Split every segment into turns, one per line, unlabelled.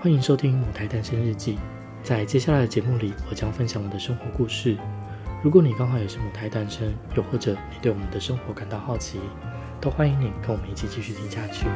歡迎收聽《母胎單身日記》。在接下來的節目裡，我將分享我的生活故事。如果你剛好也是母胎單身，又或者你對我們的生活感到好奇，都歡迎你跟我們一起繼續聽下去。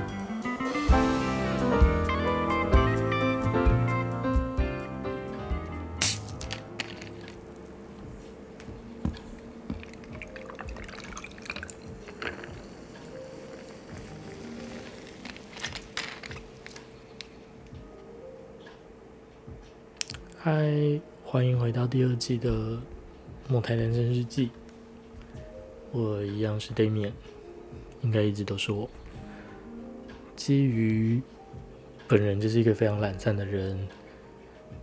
嗨，Hi, 歡迎回到第二季的《莫台單身日記》。我一樣是 Damien，應該一直都是我。基於本人就是一個非常懶散的人，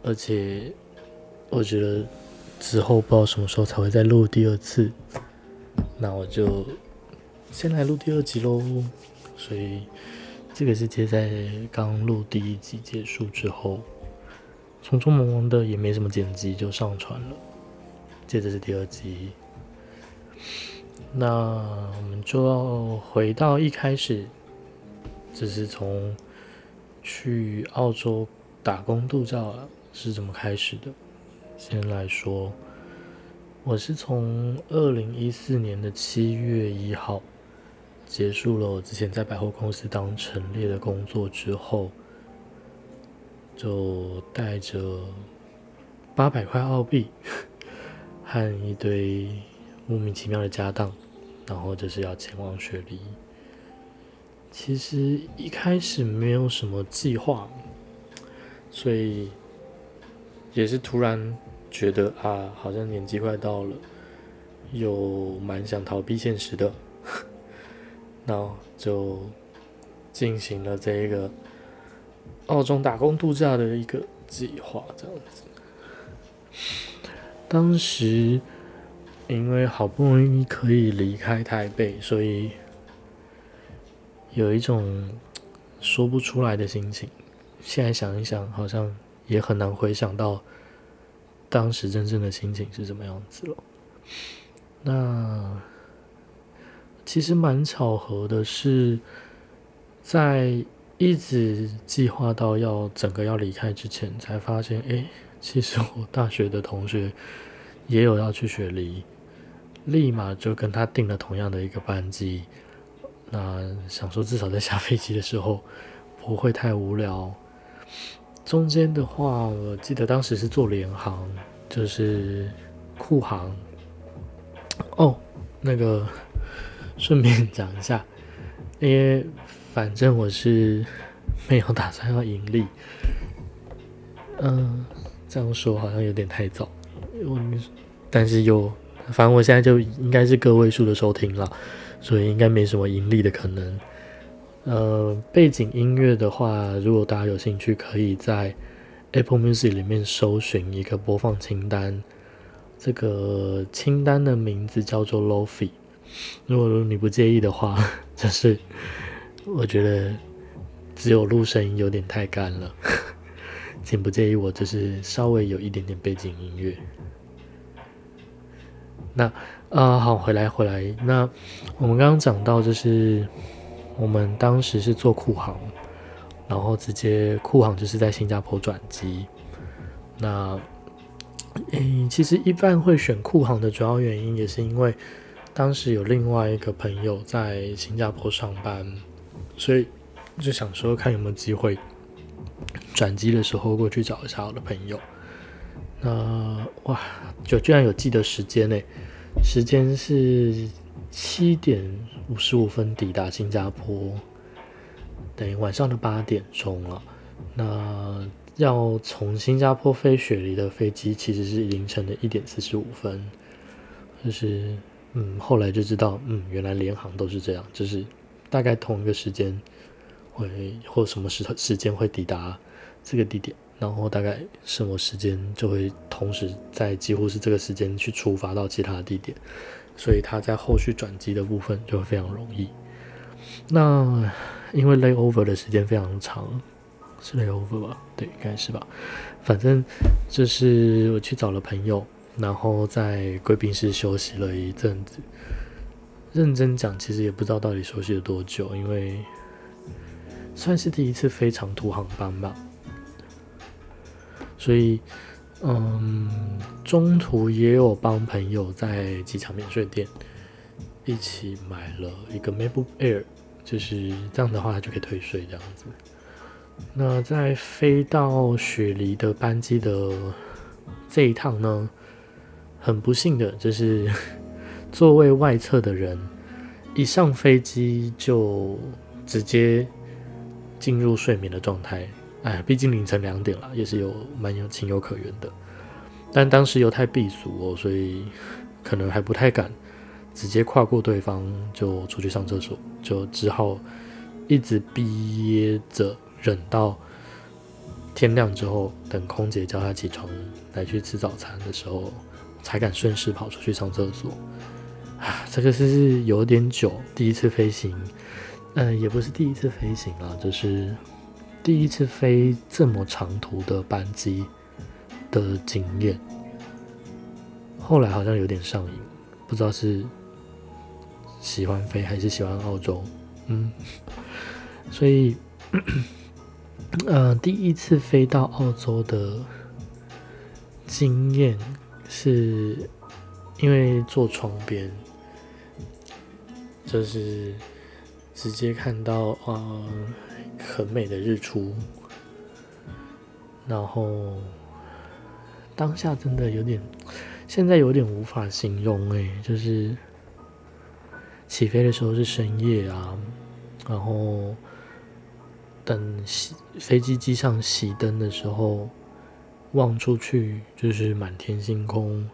而且我覺得之後不知道什麼時候才會再錄第二次，那我就先來錄第二集嘍。所以這個是接在剛錄第一集結束之後。匆匆忙忙的也沒什麼剪輯就上傳了，接着是第二集。那我們就要回到一開始，這是從去澳洲打工度假是怎麼開始的。先來說，我是從二零一四年的七月一號結束了我之前在百貨公司當陳列的工作之後，就帶着八百塊澳幣和一堆莫名其妙的家當，然後就是要前往雪梨。其實一開始沒有什麼計劃，所以也是突然覺得啊，好像年紀快到了，又蠻想逃避現實的，然後就進行了這一個。澳洲打工度假的一個計劃，這樣子。當時因為好不容易可以離開台北，所以有一種說不出來的心情。現在想一想，好像也很難回想到當時真正的心情是什麼樣子了。那其實蠻巧合的是，在。一直計劃到要整個要離開之前，才發現，哎、欸，其實我大學的同學也有要去雪梨，立馬就跟他訂了同樣的一個班機。那想說至少在下飛機的時候不會太無聊。中間的話，我記得當時是坐聯航，就是酷航。哦，那個順便講一下，因、欸、為。反正我是沒有打算要盈利，嗯、呃，這樣說好像有點太早，但是又，反正我現在就應該是個位數的收聽了，所以應該沒什麼盈利的可能。呃，背景音樂的話，如果大家有興趣，可以在 Apple Music 裡面搜尋一個播放清單，這個清單的名字叫做 Lo-Fi。如果你不介意的話，就是。我覺得只有錄聲音有點太乾了呵呵，請不介意，我就是稍微有一點點背景音樂。那啊、呃，好，回來回來。那我們剛剛講到，就是我們當時是做酷航，然後直接酷航就是在新加坡轉機。那誒、欸，其實一般會選酷航的主要原因，也是因為當時有另外一個朋友在新加坡上班。所以就想說看有沒有機會轉機的時候過去找一下我的朋友。那哇，就居然有記得時間嘞。時間是七點五十五分抵達新加坡，等於晚上的八點鐘了。那要從新加坡飛雪梨的飛機其實是凌晨的一點四十五分，就是嗯，後來就知道嗯，原來廉航都是這樣，就是。大概同一個時間會或什麼時時間會抵達這個地點，然後大概什麼時間就會同時在幾乎是這個時間去出發到其他地點，所以他在後續轉機的部分就會非常容易。那因為 layover 的時間非常長，是 layover 吧？對，應該是吧。反正就是我去找了朋友，然後在貴賓室休息了一陣子。認真講，其實也不知道到底休息了多久，因為算是第一次飛長途航班吧。所以，嗯，中途也有幫朋友在機場免稅店一起買了一個 MacBook Air，就是這樣的話就可以退稅這樣子。那在飛到雪梨的班機的這一趟呢，很不幸的就是。座位外側的人一上飛機就直接進入睡眠的狀態，哎，畢竟凌晨兩點了，也是有蠻有情有可原的。但當時又太閉俗哦，所以可能還不太敢直接跨過對方就出去上廁所，就只好一直憋着忍到天亮之後，等空姐叫他起床來去吃早餐的時候，才敢順勢跑出去上廁所。這個是有點久，第一次飛行，呃，也不是第一次飛行了，就是第一次飛這麼長途的班機的經驗。後來好像有點上癮，不知道是喜歡飛還是喜歡澳洲，嗯。所以，呃，嗯，第一次飛到澳洲的經驗，是因為坐窗邊。就是直接看到啊，很美的日出，然後當下真的有點，現在有點無法形容誒，就是起飛的時候是深夜啊，然後等飛機機上熄燈的時候，望出去就是滿天星空。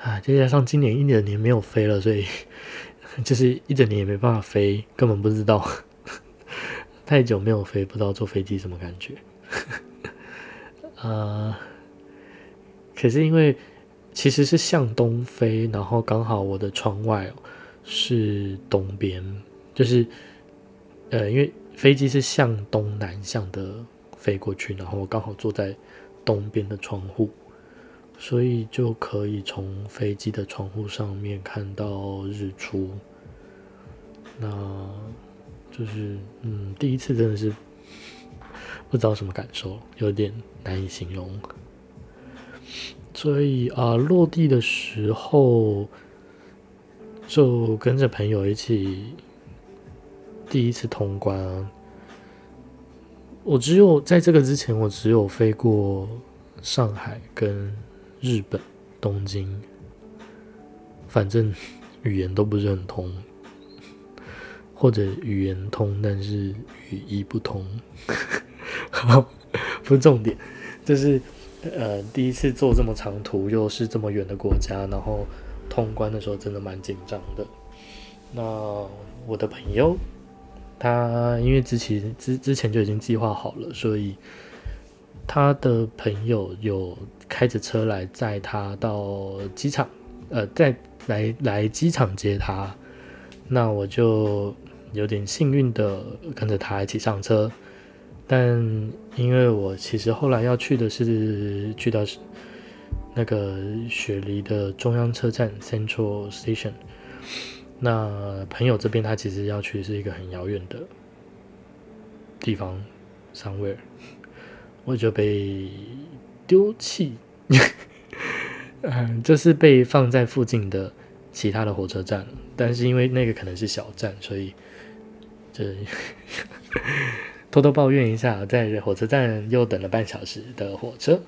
啊，再加上今年一整年沒有飛了，所以就是一整年也沒辦法飛，根本不知道呵呵，太久沒有飛，不知道坐飛機什麼感覺呵呵、呃。可是因為其實是向東飛，然後剛好我的窗外是東邊，就是呃，因為飛機是向東南向的飛過去，然後我剛好坐在東邊的窗戶。所以就可以從飛機的窗戶上面看到日出，那就是嗯，第一次真的是不知道什麼感受，有點難以形容。所以啊，落地的時候就跟着朋友一起第一次通關。啊，我只有在這個之前，我只有飛過上海跟。日本，東京，反正語言都不是很通，或者語言通，但是語義不通。好， 不是重點，就是呃，第一次坐這麼長途，又是這麼遠的國家，然後通關的時候真的蠻緊張的。那我的朋友，他因為之前之之前就已經計劃好了，所以他的朋友有。開着車來載他到機場，呃，在來來機場接他。那我就有點幸運的跟着他一起上車，但因為我其實後來要去的是去到那個雪梨的中央車站 （Central Station）。那朋友這邊他其實要去是一個很遙遠的地方 （Somewhere），我就被。丟棄，丟氣 嗯，這、就是被放在附近的其他的火車站，但是因為那個可能是小站，所以就是偷偷抱怨一下，在火車站又等了半小時的火車，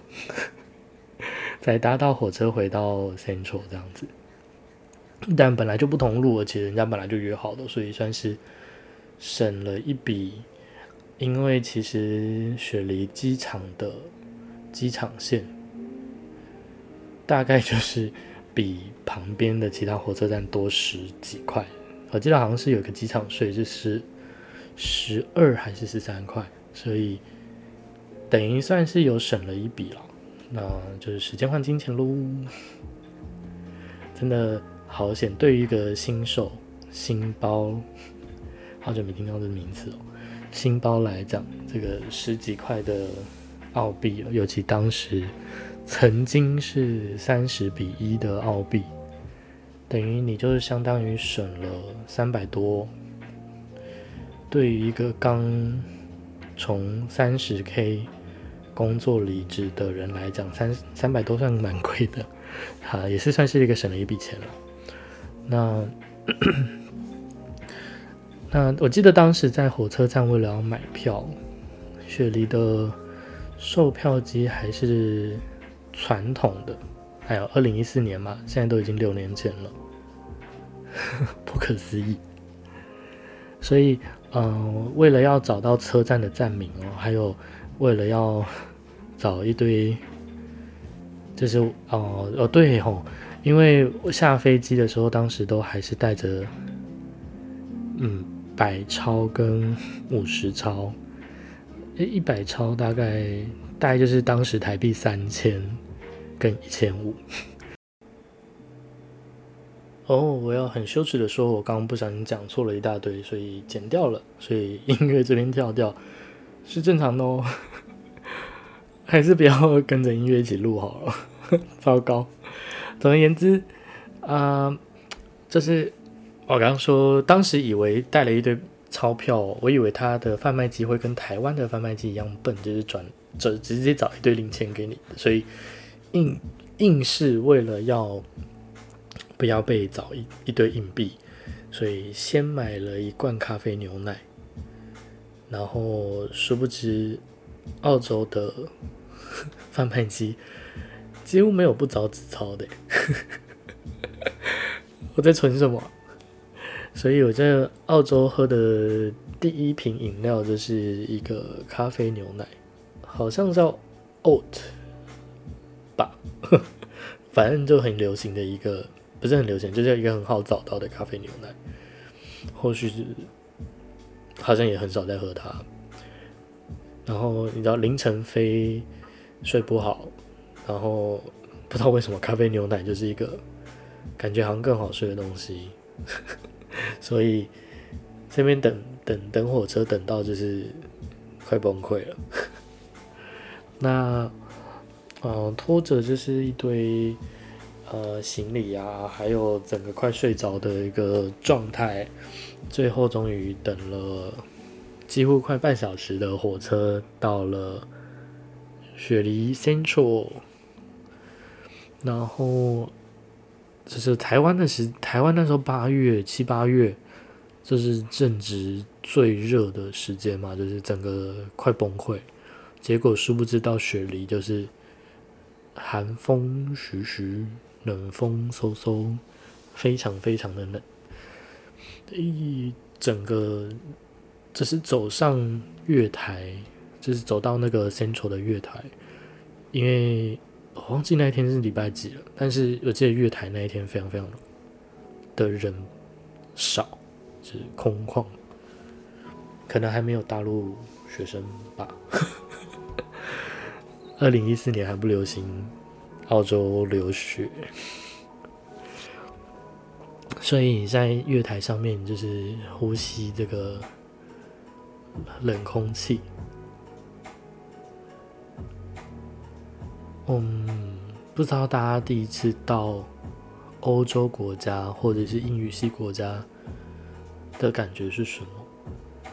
再搭到火車回到 Central 這樣子，但本來就不同路，而且人家本來就約好的，所以算是省了一筆，因為其實雪梨機場的。機場線大概就是比旁邊的其他火車站多十幾塊，我記得好像是有個機場稅，就是十二還是十三塊，所以等於算是有省了一筆了。那就是時間換金錢嘍，真的好險！對於一個新手新包，好久沒聽到這名詞哦。新包來講，這個十幾塊的。澳幣了，尤其當時曾經是三十比一的澳幣，等於你就是相當於省了三百多。對於一個剛從三十 K 工作離職的人來講，三三百多算蠻貴的，好，也是算是一個省了一筆錢了。那 那我記得當時在火車站為了要買票，雪梨的。售票機還是傳統的，還有二零一四年嘛，現在都已經六年前了， 不可思議。所以，嗯，為了要找到車站的站名哦、喔，還有為了要找一堆，就是哦、呃、哦對哦，因為下飛機的時候，當時都還是帶着嗯百鈔跟五十鈔。這一百鈔大概大概就是當時台幣三千、跟一千五。哦、oh，我要很羞恥的說，我剛剛不小心講錯了一大堆，所以剪掉了，所以音樂這邊跳掉是正常的哦。還是不要跟着音樂一起錄好了，糟糕。總而言之，啊、呃，就是我剛剛說，當時以為帶了一堆鈔票，我以為他的販賣機會跟台灣的販賣機一樣笨，就是轉轉直接找一堆零錢給你，所以硬硬是為了要不要被找一一堆硬幣，所以先買了一罐咖啡牛奶，然後殊不知澳洲的販 賣機幾乎沒有不找紙鈔的， 我在存什麼？所以我在澳洲喝的第一瓶飲料就是一個咖啡牛奶，好像叫 Oat 吧，反正就很流行的一個，不是很流行，就是一個很好找到的咖啡牛奶。後續是好像也很少再喝它。然後你知道凌晨飛睡不好，然後不知道為什麼咖啡牛奶就是一個感覺好像更好睡的東西。 所以這邊等等等火車等到就是快崩潰了， 那嗯拖着就是一堆呃行李啊，還有整個快睡着的一個狀態，最後終於等了幾乎快半小時的火車到了雪梨 Central，然後。就是台灣那時，台灣那時候八月七八月，就是正值最熱的時間嘛，就是整個快崩潰。結果殊不知到雪梨就是寒風徐徐，冷風嗖嗖，非常非常的冷。一整個，就是走上月台，就是走到那個 Central 的月台，因為。我忘記那一天是禮拜幾了，但是我記得月台那一天非常非常的人少，就是空曠，可能還沒有大陸學生吧。二零一四年還不流行澳洲留學，所以你在月台上面就是呼吸這個冷空氣。嗯，um, 不知道大家第一次到歐洲國家或者是英語系國家的感覺是什麼？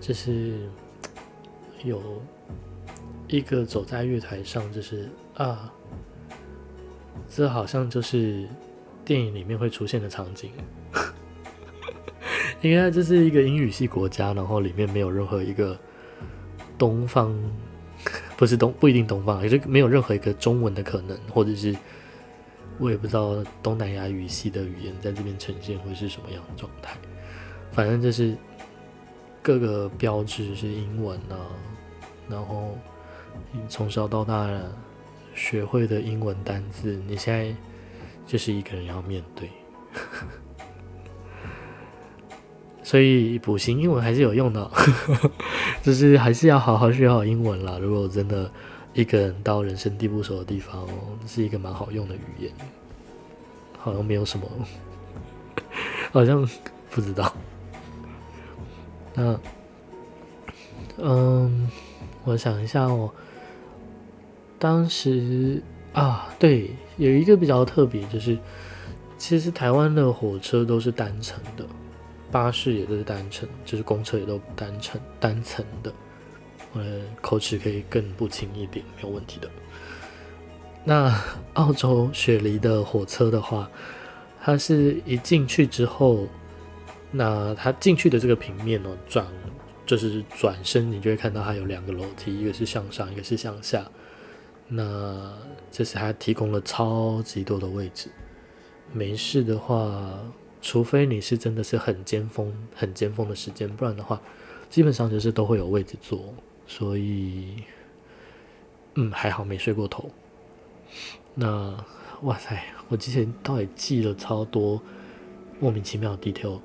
就是有一個走在月台上，就是啊，這好像就是電影裡面會出現的場景。 應該就是一個英語系國家，然後裡面沒有任何一個東方。不是東，不一定東方，也是沒有任何一個中文的可能，或者是我也不知道東南亞語系的語言在這邊呈現會是什麼樣的狀態。反正就是各個標誌是英文啊，然後從小到大學會的英文單字，你現在就是一個人要面對， 所以補習英文還是有用的。 就是還是要好好學好英文啦。如果真的一個人到人生地不熟的地方哦，是一個蠻好用的語言。好像沒有什麼，好像不知道。那，嗯，我想一下哦。當時啊，對，有一個比較特別，就是其實台灣的火車都是單程的。巴士也都是單程，就是公車也都單程，單程的。我的口齒可以更不清一點，沒有問題的。那澳洲雪梨的火車的話，它是一進去之後，那它進去的這個平面哦，轉就是轉身，你就會看到它有兩個樓梯，一個是向上，一個是向下。那這是還提供了超級多的位置。沒事的話。除非你是真的是很尖峰、很尖峰的時間，不然的話，基本上就是都會有位置坐。所以，嗯，還好沒睡過頭。那，哇塞，我之前倒也記了超多莫名其妙的 detail，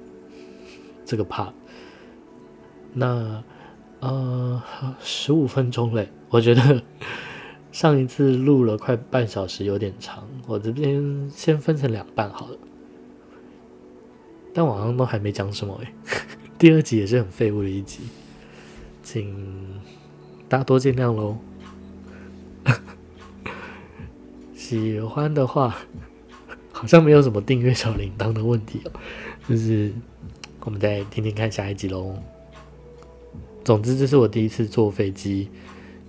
這個 part。那，呃，十五分鐘嘞，我覺得上一次錄了快半小時，有點長。我這邊先分成兩半好了。但網上都還沒講什麼哎，第二集也是很廢物的一集，請大家多見諒嘍。喜歡的話，好像沒有什麼訂閱小鈴鐺的問題哦，就是我們再聽聽看下一集嘍。總之，這是我第一次坐飛機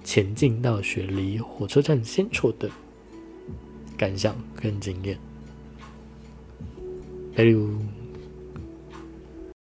前進到雪梨火車站先出的感想跟經驗，哎呦。